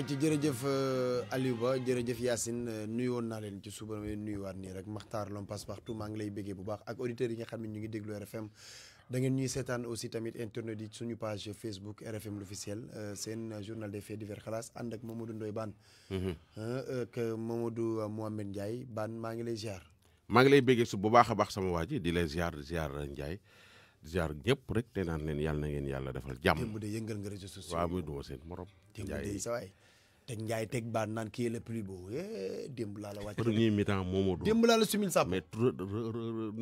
ayca jërëjëf euh, Aliou Ba jërëjëf Yacine euh, nuyu woon naa leen ci suba nuyuwaat nii rek Makhtar Lom passe partout maa ngi lay béggee bu baax ak auditeurs yi nga xam ne ñu ngi déglu RFM da ngeen ñuy seetaan aussi tamit internet yi suñu page Facebook RFM l'officiel euh, seen journal des faits divers xalaas ànd ak Mamadou Ndoye Bane. Mhm. ak du Mohamed Ndiaye Bane maa ngi lay ziar. maa ngi lay béggee su bu baax a baax sama waa ji di lay ziar ziar Ndiaye. ziar ñëpp rek te naan leen yàlla na ngeen yàlla defal jàmm. démb de yëngal nga seen morom. jaay démb de teg njaay teg baan naan kii le plus beau eh, démb laa la wàcc. premier mi-temps moomoo du. démb laa la sumil sàpp. mais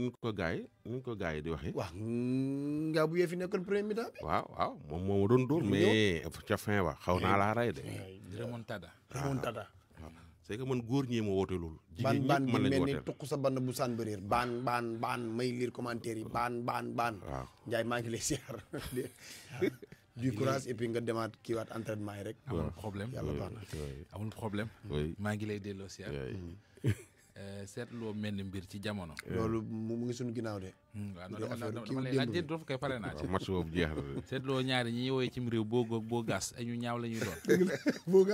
nuñ ko gars yi nuñ ko gars di waxee. waaw nga bu yee fi nekkoon premier mi-temps bi. waaw waaw moom moo ma doon dóor. mais ca fin xaw naa laa rey de. remontada ah, remontada. c'est que man góor ñee ma woote loolu. jigéen ñi mën nañu sa ban bu saan bëreer baan baan baan may lire commentaire yi baan baan waaw Ndiaye maa ngi lay siyaar. du courage et nga demaat kiiwaat entraînement yi rek. amul problème yàlla baax na maa ngi lay delloo si Euh, seetloo mel ni mbir ci jamono. Eh. loolu mu ngi suñu ginnaaw de. Hmm, waaw non dama lay laaj doof kay pare naa ci. match boobu jeex na seetloo ñaari ñi réew boo boo gaas ñu ñaaw la ñuy doon. dëgg la boo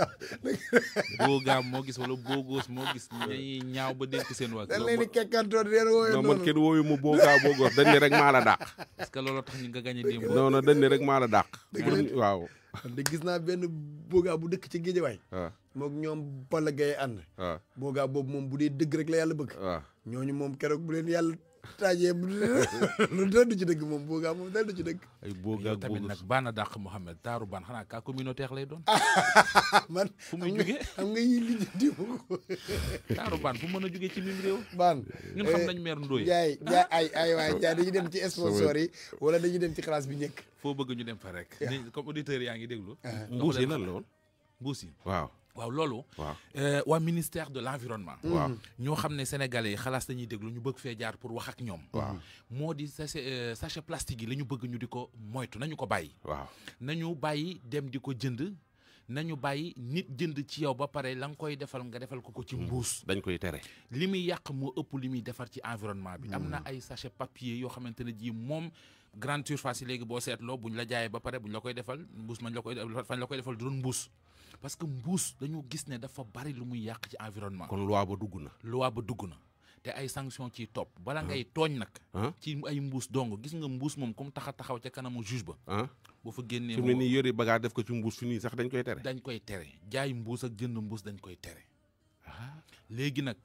gaam moo gis wala boo góos moo gis ñaaw ba dénk seen waa. dañ leen di kekkantoon deen wooyee noonu non man kenn wooyu ma boo dañ ne rek maa la dàq. parce que looloo tax ñu nga gañ a démb. dañ ne rek maa la dàq. waaw la gis naa benn boo bu dëkk ci géejawaay. Ah. waay mok ñom Balla Gaye ànd. waaw ah. boogaa boobu moom bu dee dëgg rek la yalla bëgg. Ah. ñoñu mom kérok bu len yalla tajé lu dal ci dëgg mom bo ga mom du ci dëgg. ay bo ga tamit nak bana dàq Mouhamed taru ban xana ka communauté lay doon. man fu mu ñugé am nga yii lijjanti ma ko. taru ban fu mëna juggé ci mim réew. ban ñun xam eh, nañ meer ndoy jaay jaay ay ay way jaay dañu dem ci sponsor yi wala dañu dem ci classe bi ñëk fo bëgg ñu dem fa rek. comme auditeur yaangi ngi déglu. Uh-huh. mbuusi yi lool mbuusi waaw waaw loolu. waaw euh, waa ministère de l'environnement. waaw mm. ñoo xam ne sénégalais yi xalaas la ñuy déglu ñu bëgg fee jaar pour wax ak ñoom. waaw moo di sachet euh, sachet plastique yi la ñu bëgg ñu di ko moytu nañu ko bàyyi. nañu bàyyi dem di ko jënd. nañu bàyyi nit jënd ci yow ba pare la nga koy defal nga defal ko ko ci mm. mbuus. dañ koy tere li muy yàq moo ëpp li muy defar ci environnement bi. am na mm. ay sachet papier yoo xamante ne jii moom grande surface yi léegi boo seetloo buñ la jaayee ba pare buñ la koy defal mbuus mañ la koy fañ la koy defal du doon mbuus. parce que mbuus dañoo gis ne dafa bari lu muy yàq ci environnement. kon loi ba dugg na. loi ba dugg na te ay sanction ci topp. balaa ah. ngay tooñ nag. Ah. ci ay mbuus dong gis nga mbuus moom comme taxa taxaw ci kanamu juge ba. Ah. boo fa génnee moom ni yore bagaa def ko ci mbuus fi nii sax dañ koy tere. dañ koy tere jaay mbuus ak jënd mbuus dañ koy tere. léegi nag.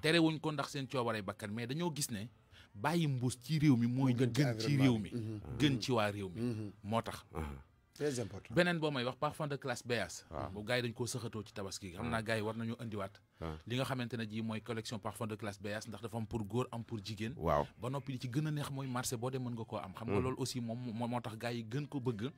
tere wuñ ko ndax seen coobare bakkan mais dañoo gis ne. bàyyi mbuus ci réew mi mooy. gën ci réew mi mm-hmm. gën ci waa réew mi mm-hmm. moo tax. très important beneen boo may wax parfum de classe BS. waaw ah. boobu yi dañu koo sëxatoo ci tabaski xam naa ah. gars yi war nañu indiwaat. Ah. li nga xamante ne ji mooy collection parfum de classe BS ndax dafa am pour góor am pour jigéen. waaw ba noppi li ci gën a neex mooy marché boo dem mën nga koo am. xam nga hmm. loolu aussi moom moo tax gars yi gën ko bëgg.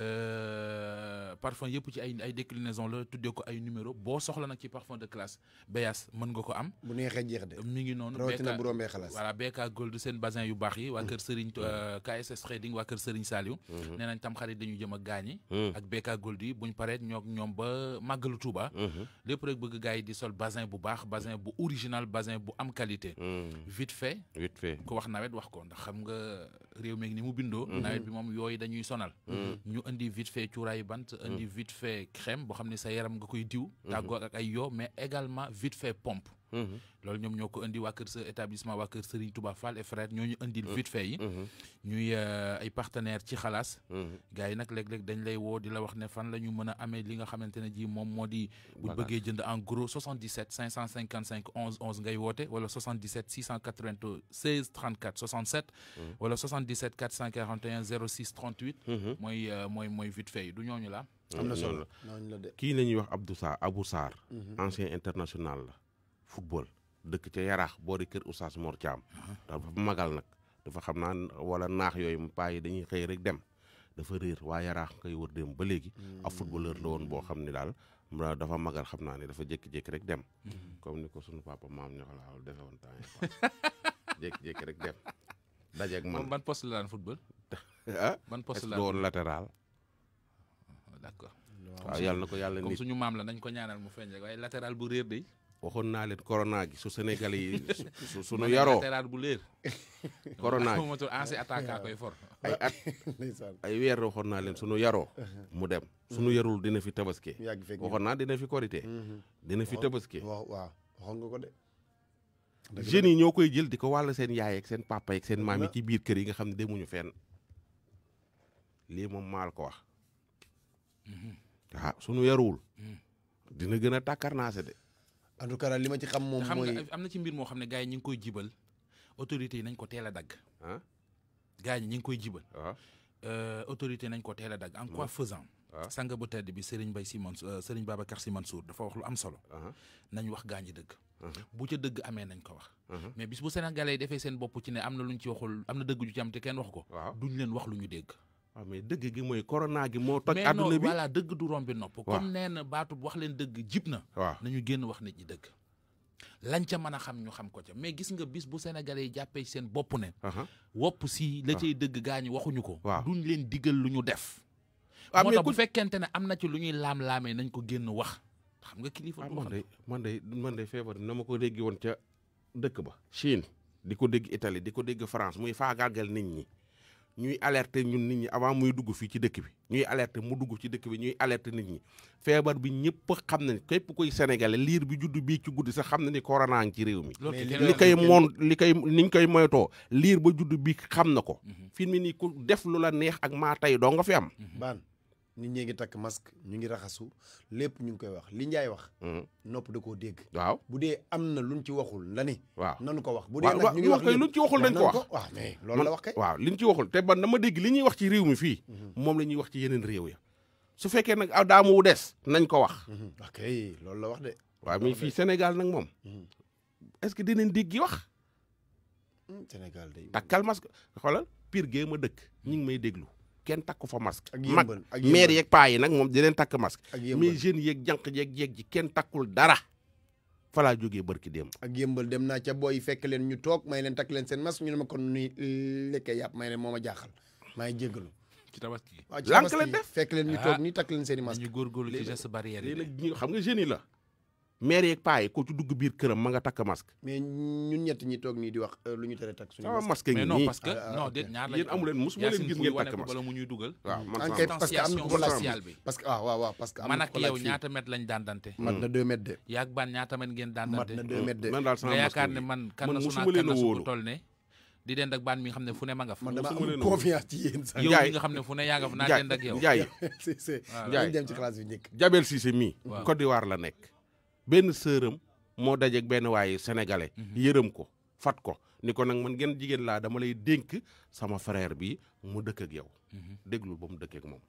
Euh, parfum yëpp ci ay ay déclinaison la tuddee ko ay numéro boo soxla nag ci parfum de classe Beyas mën nga ko am. bu neexee jeex de. mi ngi noonu rawatina bu rombee xalaas. voilà BK Gold seen basin yu baax yi. waa mm. kër Serigne mm. euh, KSS Trading waa kër Serigne Saliou. Mm-hmm. nee nañ tam xarit dañu jëm mm. ak gaañi. ak BK Gold yi buñ paree ñoog ñoom ba maggalu Touba. Mm-hmm. lépp rek bëgg gars yi di sol basin bu baax basin bu original basin bu am qualité. vite fait. vite fait ku wax nawet wax ko ndax xam nga réew mi ni mu bindoo. Mm-hmm. bi moom yooyu dañuy sonal. On dit vite fait cuuraayu bant dit mm. vite fait crème bo xam sa yaram nga koy diw mm-hmm. tàggoo ak ay mais également vite fait pompe Mm-hmm. loolu ñom ñoko andi wa waa kër établissement wa kër Serigne Touba Fall et frère ñoo ñu indil vite fait yi. Mm-hmm. Mm-hmm. ñuy euh, ay partenaires ci xalaas. gars nak leg leg dañ lay wo dila wax ne fan lañu mëna amé li nga xamantene ji mom modi bu bëggé jënd en gros 77 555 11 11 ngay woté wala 77 16 34 67. wala 77 441 06 38. moy moy moy vite fait yi du ñooñu la amna solo kii la wax Abdou Abou Sarr. ancien international la. football dëkk ca yaraax boori kër Oustaz Mor Thiam. dafa magal nag dafa xam naa wala naax yooyu paa yi dañuy xëy rek dem dafa réer waa yaraax ngay wër dem ba léegi. ab footballeur la woon boo xam ne daal dafa magal xam naa ne dafa jékki-jékki rek dem. comme ni ko sunu papa maam ñoo la defe woon temps yi jékki-jékki rek dem. dajeeg man ban poste la daan football. ah ban poste la woon latéral. suñu maam la nañ ko ñaanal mu feeñ rek waaye latéral bu réer de. waxoon naa leen corona gi su Sénégal yi su suñu yaroo bu leer corona gi ay weer waxoon naa leen suñu yaroo uh-huh. mu dem uh-huh. suñu yarul dina fi tabaske waxoon naa dina fi korité uh-huh. dina fi tabaske waaw nga ko yi ñoo koy jël di ko wàll seen yaay ak seen papa seen maam yi ci biir kër yi nga xam ne demuñu fenn lii moom maal ko wax waaw mm-hmm. ah, suñu yaruwul mm. dina gën a tàkkarnaase de en tout li ma ci xam moom mooy am na ci mbir moo xam ne gars yi ñu koy jibal autorité yi nañ ko teel a dagg. gars yi ñu ngi koy jibal. Ah. Euh, autorité nañ ko teel a dagg. en quoi faisant. Ah. sang bu tedd bi Serigne Baye Sy Mansour euh, Serigne Babacar Sy Mansour dafa wax lu am solo. Uh-huh. nañ wax gaañ dëgg. Uh-huh. bu ca dëgg amee nañ ko wax. Uh-huh. mais bis bu Sénégalais yi defee seen bopp ci ne am na luñ ci waxul am na dëgg ju ci am te kenn wax ko. duñ leen wax lu ñu dégg. waaw ah, mais dëgg gi mooy corona gi moo toj àdduna bi voilà dëgg du rombi nopp comme nee na baatu wax leen dëgg jib na waaw nañu génn wax nit ñi dëgg lañ ca mën a xam ñu xam ko ca mais gis nga bis bu sénégalais yi jàppee seen bopp ne wopp si la cay dëgg gaañu waxuñu ko duñ leen digal lu ñu def ah, moo tax bu fekkente ne am na ci lu ñuy laam-laamee nañ ko génn wax xam nga kilifa du wax ah, man day day feebar na ma ko dégg woon ca dëkk ba Chine di ko dégg itali di ko dégg France muy faagaagal nit ñi ñuy alerte ñun nit ñi avant muy dugg fii ci dëkk bi ñuy alerte mu dugg ci dëkk bi ñuy alerter nit ñi feebar bi ñëpp xam ne ni képp koy sénégalais liir bi juddu bii ci guddi sax xam na ni corona ngi ci réew mi. li koy moon li koy niñ koy moytoo liir ba juddu bi xam na ko. Mhm. fi mu nii ku def lu la neex ak maa tey doo nga fi am. Mhm. nit ñi ngi takk masque ñu ngi raxasu lépp ñu ngi koy wax li njaay wax. Hmm. nopp da koo dégg. waaw bu dee am na lu luñ ci waxul la ni. waaw nanu ko wax bu dee nag ñu ngi wax kay luñ ci waxul nañ ko wax waaw mais loolu la wax kay. waaw liñ ci te ban dama dégg li ñuy wax ci réew fii. Mhm. moom la ñuy wax ci yeneen réew ya su fekkee nag aw daamu wu des nañ ko wax. ok mhm. ah, loolu la wax de. waaw mii fii Sénégal nag moom. Mhm. est-ce que dinañ dégg wax. Hmm, Sénégal day takkal masque xoolal piir géej ma dëkk ñu ngi may déglu. kenn takku fa masque. ak mag maire yeeg paa yi nag moom di leen takk masque. mais jeunes yeeg jànq yeeg yeeg kenn takkul dara. fa laa jógee barki démb. ak yëmbal dem naa ca booy fekk leen ñu toog may leen takk leen seen masque ñu ne ma kon nuy lekkee yàpp may leen moo ma jaaxal maa ngi jégalu. lank leen def fekk leen ñu toog ah. nii takk leen seen i masque. ñu góorgóorlu ci geste barrière yi nag xam nga jeunes la. maire yeeg paa yi ko ci dugg biir këram ma nga takk masque. mais ñun ñett ñi toog ngeen takk masque bala mu ñuy dugal. waaw man distanciation ah, ñaata mètre lañ daan dante mat na deux mètres de yaag baan ñaata mètre ngeen daan dante mat na deux mètres de man daal sama yaakaar man kan na su naa di dend ak baan mi nga xam ne fu ne ma nga fa. man dama am confiance ci yéen sax. yow mi naa dend ak yow. Ndiaye Ndiaye dem ci mii. Côte d'Ivoire la nekk. benn sëram moo dajeeg benn waayu sénégalais. Mhm. yërëm ko fat ko ni ko nag man ngeen jigéen laa dama lay dénk sama frère bi mu dëkk ak yow. Mhm. déglul ba mu dëkk moom.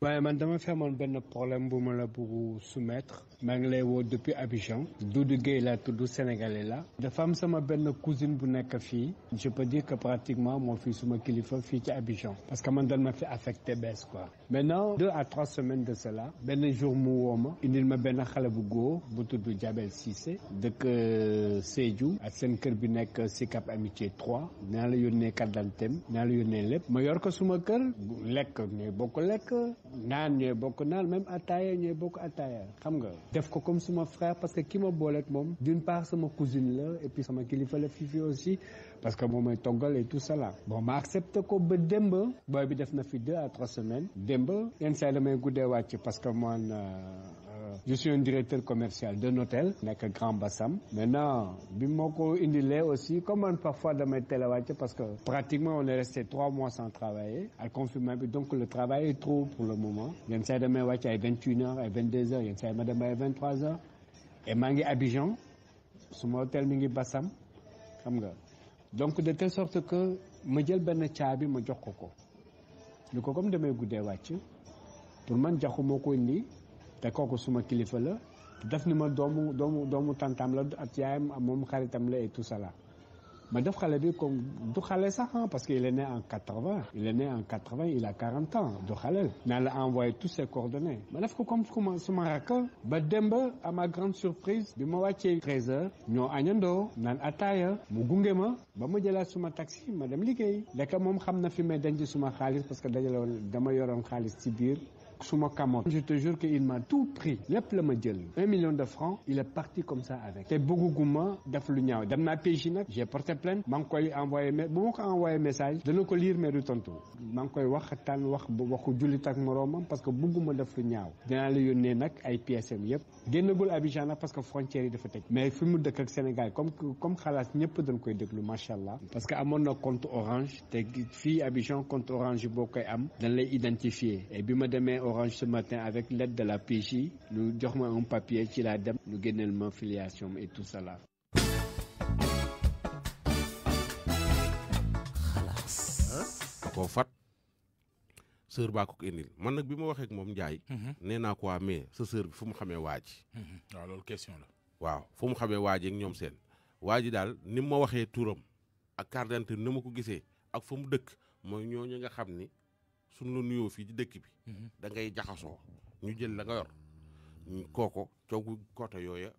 waaye man dama fi ben problème buma la bëgg soumettre Mang ngi lay depuis Abidjan Doudou Gueye la tudd sénégalais la Da fam sama ben cousine bu nek fi. je peux dire que pratiquement moo fii suma kilifa fi ci Abidjan parce que man dal ma fi affecté bees quoi maintenant deux à trois semaines de cela ben jour mu woma, indil ma ben xalé bu go bu tudd Jabel Cissé que euh, Sédhiou ak sen kër bi nek Sikap Amitié 3 naa la yónnee carte d'identité naa la yónnee lépp ma yor ko suma kër lek mais boko lek naan ñooy bokk naan même attaaya ñooy bokk attaaya xam nga def ko comme suma frère parce que ki ma booleeg moom d'une part sama cousine la et puis sama kilifa la fifi aussi parce que moom mooy toggal et tout ça là bon ma accepté ko ba démb booy bi def na fi deux à trois semaines démb yenn saa yi damay guddee wàcc parce que man euh, je suis un directeur commercial d'un hôtel un Grand Bassam maintenant je suis aussi un aussi comme parfois dans mes parce que pratiquement on est resté trois mois sans travailler donc le travail est trop pour le moment Il y demain damay ay vingt une heures ay vingt deux heures je h à ma dem à vingt trois heures et Mangi Abidjan suma hôtel Mingi Bassam donc de telle sorte que je ma jël benn caabi ma jox ko ko lu ko comme damay guddee wàcc pour man je suis indi te kooku suma kilifa la daf ni ma doomu doomu doomu tantam la ak yaayam moom xaritam la et tout ça là ma def xale bi comme du xale sax hein, parce que il est né en 80 il est né en 80 il a 40 ans du xale naa la envoyé tous ses coordonnées ma def ko comme comme suma rakk ba démb à ma grande surprise bi ma wàccee 13 heures ñoo añandoo naan ataaya mu gunge ma ba ma jëlaat suma taxi ma dem liggéey ndeke moom xam na fi may denc suma xaalis parce que dajale woon dama yoroon xaalis ci biir suma je te jure que il m'a tout pris lépp la ma un million de francs il est parti comme ça avec te beaucoup def lu ñaaw dem naa j'ai porté plainte maa koy envoyé mais bu ma envoyé message de ko lire mais du tontu maa ngi koy waxtaan wax waxu jullit ak parce que beaucoup def lu ñaaw le la yónnee IPSM, ay pièces yëpp génnagul Abidjan parce que frontière de dafa tëj mais fi mu dëkk ak Sénégal comme comme a pas dañ koy de macha allah parce que amoon compte orange tes fii Abidjan compte orange beaucoup koy am dañ lay identifier et bi ma Orange ce matin avec l'aide de la PJ Nous jox un papier ci l'a dem Nous génneel ma filiation et tout cela. là. xalaas. koo fat sër man nak bima ma ak mom Ndiaye. Mhm. néna naa ko mais sa sœur bi fu mu xamee waaj. Mhm. waaw loolu question la. waaw fu xamé xamee ak ñom sen waa dal nim ma waxé touram ak carte d'identité ni ko gissé ak fu mu dëkk mooy ñooñu nga xamni suñ lu nuyoo fii ci dëkk bi. Mhm. da ngay jaxasoo ñu jël la nga yor. kooko coogu côté yooya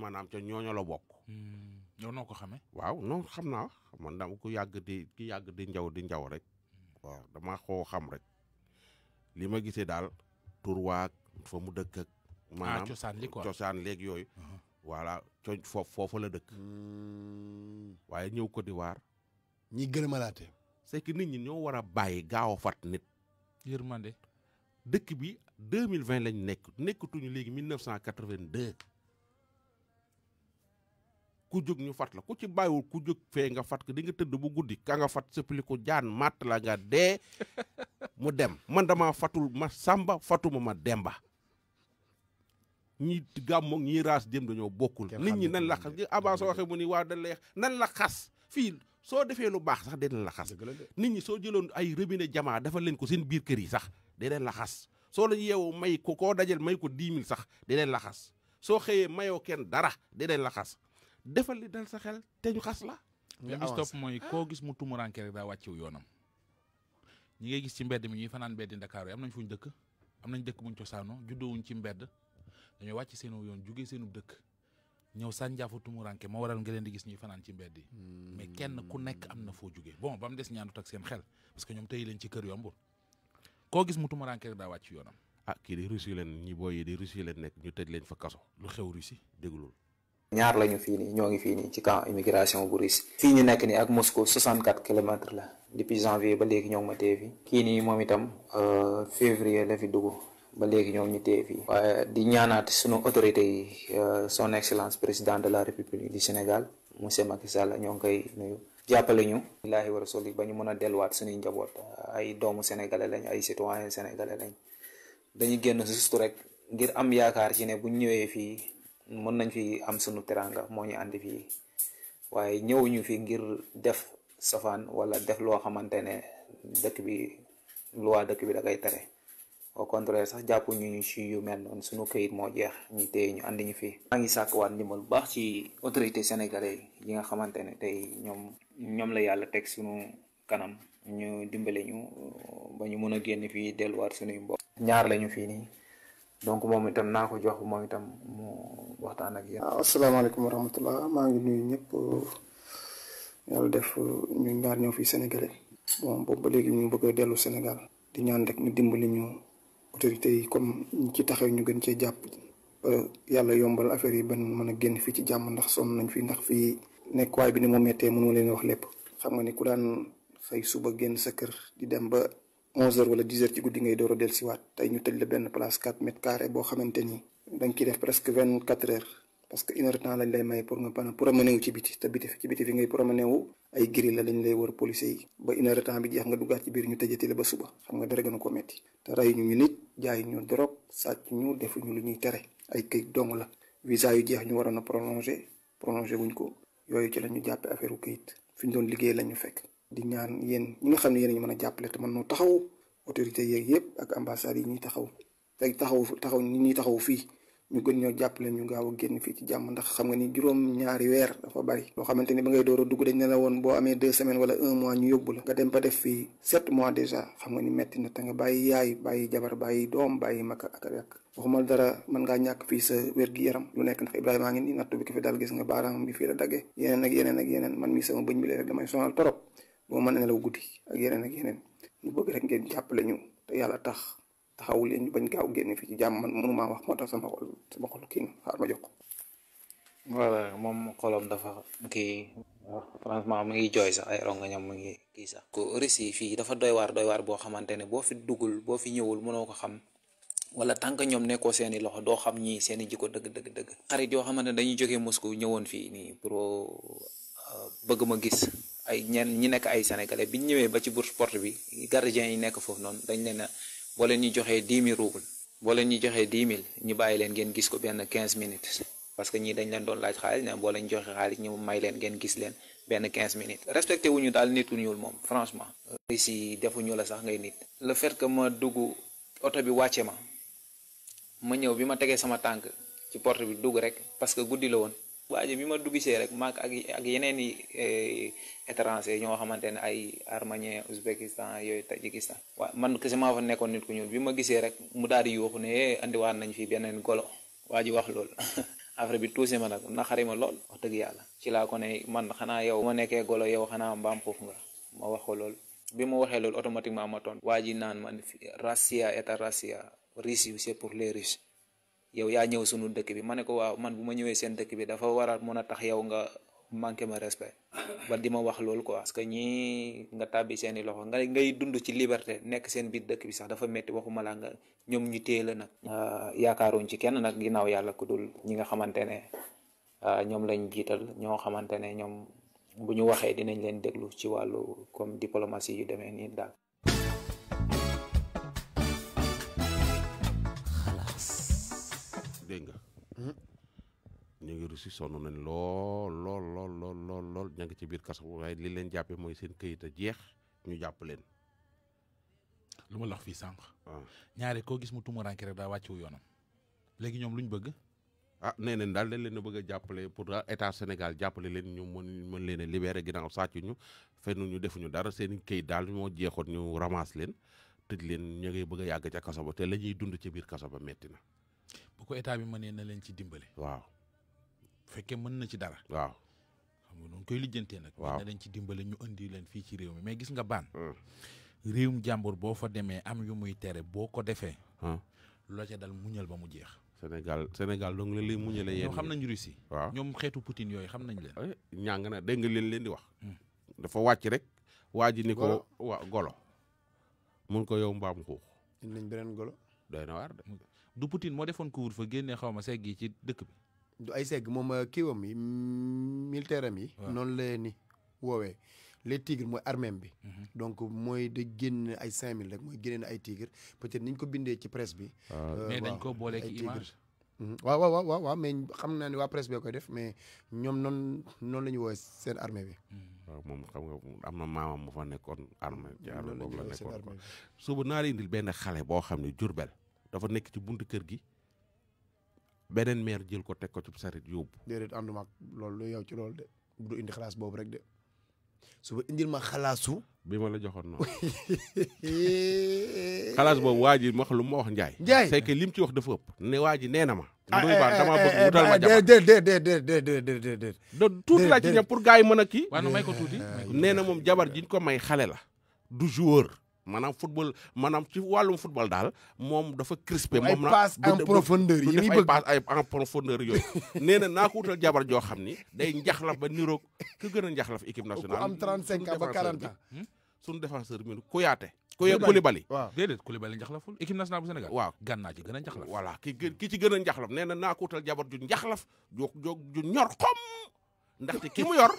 maanaam ca ñooña la bokk. Hmm. yow noo ko xamee. waaw non xam naa man dama ko yàgg di ki yàgg di njaw di njaw rek. Hmm. dama xoo xam rek li ma gisee daal tur waa fa mu dëkk ak. maanaam cosaan li yooyu. Uh-huh. voilà co foofu la dëkk. Hmm. waaye ñëw Côte d'Ivoire. ñi gën a malaatee. c'est nit ñi ñoo war a bàyyi gaaw a fat nit. yërmande dëkk bi 2020 lañ nekk nekkatuñu léegi 1982 ku jóg ñu fat la ku ci bàyyiwul ku jóg fee nga fat ko di nga tëdd bu guddi ka nga fat sëppali ko jaan matt la nga dee mu dem man dama fatul ma sàmba fatuma ma demba ñi gàmmoog ñii raas dem dañoo bokkul nit ñi nan la xas gi avancé waxe mu ni waaw dañ lay nan la xas fii soo defee lu baax sax dinañ la xas nit ñi soo jëloon ay robinet jamaa defal leen ko seen biir kër yi sax dinañ la xas soo leen yeewoo may ko dajal may ko dix mille sax dinañ la xas soo xëyee mayoo kenn dara dinañ la xas defal li dal sa xel te ñu xas la li gis mooy koo gis mu tumuranke rek daa wàcciw yoonam ñi ngay gis ci mbedd mi ñuy fanaan mbedd Ndakaaru yi am nañ ñu dëkk am nañ dëkk buñ cosaanoo juddoowuñ ci mbedd dañoo wàcc seenu yoon jugee seenu dëkk ñëw sànjaafu tumuranke moo waral nga leen di gis ñuy fanaan ci mbedd yi hmm. mais kenn ku nekk am na foo jugee bon ba mu des ñaanut ak xel parce que ñoom tey leen ci kër yombul koo gis mu tumuranke rek daa wàcc yoonam ah, kii di Russie leen ñi booy yi di leen nekk ñu tëj leen fa kaso lu xew Russie déglul ñaar lañu fii nii ñoo ngi fii ci camp immigration bu Russie fii ñu nekk nii ak Moscou 64 kilomètres la depuis janvier ba léegi ñoo ngi ma téye fi kii nii moom itam euh, février la fi dugg ba léegi ñoom ñu téye fii waaye di ñaanaat sunu autorité yi euh, son excellence président de la république du Sénégal monsieur Macky Sall ñoo ngi koy nuyu jàppale ñu laahi wa rasuli ba ñu mën a delluwaat suñuy njaboot ay doomu sénégalais lañ ay citoyen sénégalais lañ dañu génn juste rek ngir am yaakaar ci ne buñ ñëwee fii mën nañ fi am sunu teranga moo ñu àndi fii waaye ñëwuñu fi ngir def safaan wala def loo xamante ne dëkk bi loi dëkk bi da koy tere au contraire sax jàppuñu ñu ñu ci yu mel noonu sunu këyit moo jeex ñu téye ñu andi ñu fi maa ngi sàkkuwaat ndimbal bu baax ci autorité sénégalais yi nga xamante ne tey ñoom ñoom la ya yàlla teg sunu kanam ñu dimbale ñu ba ñu mën a génn fii delluwaat sunuy mbokk ñaar lañu fii nii donc moom itam naa ko jox moom itam mu waxtaan ya. ak ah, yéen asalaamaaleykum wa rahmatullah maa ngi nuyu ñëpp yàlla def ñu ñaar ñëw fi sénégalais bon boobu ba léegi ñu bëgg a dellu sénégal di ñaan rek ñu dimbali ñu autorités yi comme ci taxaw ñu gën ce jàpp yàlla yombal affaire yi ban mën a génn fii ci jàmm ndax sonn nañ fi ndax fii nekkuwaay bi ne moo méttee mënoo leen wax lépp xam nga ni ku daan xëy suba génn sa kër di dem ba onze heures wala dix heures ci guddi ngay door a dellusiwaat tey ñu tëj la benn place quatre mètres carrés boo xamante ni dañ ciy def presque vingt quatre heures parce que une heure temps lañ lay may pour nga mën a promené wu ci biti te biti ci biti fi ngay promené wu ay giri la lay war policier yi ba une heure temps bi jeex nga duggaat ci biir ñu tëjati la ba suba xam nga dara gën a ko metti te rey ñu ñu nit jaay ñu dorog sàcc ñu defuñu lu ñuy tere ay këyit dong la visa yu jeex ñu waroon a prolongé prolongé wuñ ko yooyu ci la ñu jàppe affaire u këyit fi ñu doon liggéey lañu fekk di ñaan yéen ñi nga xam ne yéen ñu mën a jàppale te mën taxaw autorité yeeg yëpp ak ambassade yi ñuy taxaw te taxaw taxaw ñi taxaw fii ñu gën ñoo jàppale ñu gaaw a génn fii ci jàmm ndax xam nga ni juróom ñaari weer dafa bari loo xamante ni ba ngay door a dugg dañ ne la woon boo amee deux semaines wala un mois ñu yóbbu la nga dem ba def fii sept mois déjà xam nga ni metti na te nga bàyyi yaay bàyyi jabar bàyyi doom bàyyi mag ak ak waxumal dara mën ngaa ñàkk fii sa wér-gi-yaram lu nekk ndax Ibrahima ngi ni nattu bi ko fi daal gis nga baaraam bi fii la dagge yeneen ak yeneen ak mi sama bëñ bi rek damay sonal torop guddi ak yeneen ak yeneen ñu bëgg rek jàppale ñu te yàlla tax taxaw leen ñu bañ gaaw génn fi ci jamm man mënuma wax moo tax sama xol sama xol kii xaar ma jox wala mom xolam dafa ki franchement mu ngi joy sax ay ronga ñam mu ngi ki sax ko risi fi dafa doy war doy war bo xamantene bo fi dugul bo fi ñewul mëno ko xam wala ñom ñoom ko seeni loxo do xam ñi seeni jiko deug deug deug xarit yo xamantene dañuy jógee Moscou ñewon fi ni pro eh, bëgg ma gis ay ñen ñi nek ay sénégalais biñ ñëwé ba ci bourse porte bi gardien yi nek fofu non dañ leena boo ñu joxee dix mille roubles boo ñu joxee dix mille ñu bàyyi leen ngeen gis ko benn quinze minutes parce que ñi dañ leen doon laaj xaalis ne boo leen joxe xaalis ñu may leen ngeen gis leen benn quinze minutes respecté ñu daal nit ku ñuul moom franchement si defuñu la sax ngay nit le fait que ma dugg oto bi wàcce ma ma ñëw bi ma tegee sama tànk ci porte bi dugg rek parce que guddi la woon waaji eh, eh, ji bi nah, oh, ya ma dugg rek maak ak ak yeneen i étranger ñoo xamante ne ay arménien ouzbékistan yooyu tajikistan waa man kese maa fa nekkoon nit ku ñuul bi ma gisee rek mu daal di yuuxu ne andiwaat nañ fi beneen golo waaji wax lool affaire bi tuusi ma nag naqari ma lool wax dëgg yàlla ci laa ko ne man xanaa yow ma nekkee golo yow xanaa mbaam foofu nga ma wax ko loolu bi ma waxee loolu automatiquement ma waaji naan man rasia état rasia Russie c'est pour les Russes yow yaa ñëw sunu dëkk bi ma ne ko waaw man bu ma ñëwee seen dëkk bi dafa war a mën a tax yow nga manqué ma respect ba di ma wax loolu quoi parce que ñii nga tàbbi seen loxo nga ngay dund ci liberté nekk seen biir dëkk bi sax dafa metti waxuma laa nga ñoom ñu téye la nag ah, yaakaaruñ ci kenn nag ginnaaw yàlla ku dul ñi nga xamante ne ah, lañ jiital ñoo xamante ne ñoom bu ñu waxee dinañ leen déglu ci wàllu comme diplomatie yu demee nii daal dégg nga. ñu ngi russi sonn nañ lool lool lool lool lool lool ña ngi ci biir kaso waaye li leen jàppee mooy seen këyit a jeex ñu jàpp leen. lu ma lax fii sànq. Ah. ñaaree koo gis mu tumuraanke rek daa wàccu yoonam. léegi ñoom lu ñu bëgg. a ah, nee nañ daal dañ leen a bëgg a jàppale pour ah, état Sénégal jàppale leen ñu mën mën leen a libéré ginnaaw sàcc ñu fenn ñu defuñu dara seeni këyit daal moo jeexoon ñu ramasse leen tëj leen ñu ngi bëgg a yàgg ca kaso ba te la ñuy dund ci biir kaso ba metti na. bu ko état bi mënee na leen ci dimbale. waaw bu fekkee mën na ci dara. waaw xam nga noonu koy lijjantee nag. waaw na leen ci dimbale ñu indi leen fii ci réew mi mais gis nga baan. Hmm. réewum jàmbur boo fa demee am yu muy tere boo ko defee. Hmm. loo ca dal muñal ba mu jeex. Sénégal Sénégal donc leen lay muñale yéen ñoom xam nañ Russie. waaw ñoom xeetu Poutine yooyu xam nañ leen. Eh, ñàng na dégg nga leen leen di wax. Hmm. dafa wàcc rek. waa ji ni ko waa golo. mun ko yow mbaam xuux. nañ na waar de. du Poutine moo defoon couvre-feu génnee xaw ma segg yi ci dëkk bi. du ay segg moom euh, kiiwam yi mm, militaire am yi. noonu la ni woowee les tigres mooy armèm bi. Mhm. donc mooy da génn ay 5000 rek mooy génne na ay tigres être niñ ko bindee ci presse bi. Ah. Euh, mais ko boole mhm. xam naa ne waa presse koy def mais ñoom noonu noonu la ñu woowee seen armée bi. waaw mhm. ah, moom xam nga am na fa nekkoon armée. ci armée benn xale boo xam ne Jurbel dafa nekk ci buntu kër gi beneen maire jël ko teg ko ci saret yóbbu. déedéet ànduma ak loolu yow ci lool de du indi xalaas boobu rek de suba indil ma xalaasu. bi ma la joxoon noonu. xalaas boobu waa ji wax lu ma wax Ndiaye. Ndiaye c'est que lim ci wax dafa ëpp. ne waa ji nee na ma. ah eh eh, eh eh eh ma jabar tuuti laa ci ñam pour gars yi mën a kii. waaw may ko tuuti. nee na moom jabar jiñ ko may xale la. du joueur. maanaam football maanaam ci wàllum football daal moom dafa crispé. moom na ay passe yi muy ay passe en profondeur yooyu. nee na naa ko jabar joo xam ni day njaxlaf ba niroog ku gën a njaxlaf équipe nationale. ku am 35 ans ba 40 ans hmm? sunu défenseur bi Kouyaté. Koulibaly waaw déedéet Koulibaly njaxlaful équipe nationale bu Sénégal. waaw gànnaa ci gën a njaxlaf. voilà ki ki ci gën a njaxlaf nee na naa ko wutal jabar ju njaxlaf ju ju ñor xom. ndaxte ki mu yor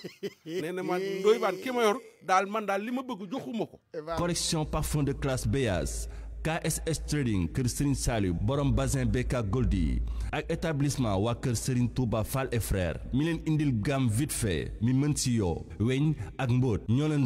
nee na ma Ndoye Bane ki ma yor daal man daal li ma bëgg joxuma ko. collection parfum de classe Beyaz KSS Trading kër Serigne Saliou borom bazin BK Goldi ak établissement waa kër Serigne Touba Fall et frère mi leen indil gam vite fait mi mën si yoo weñ ak mbóot ñoo leen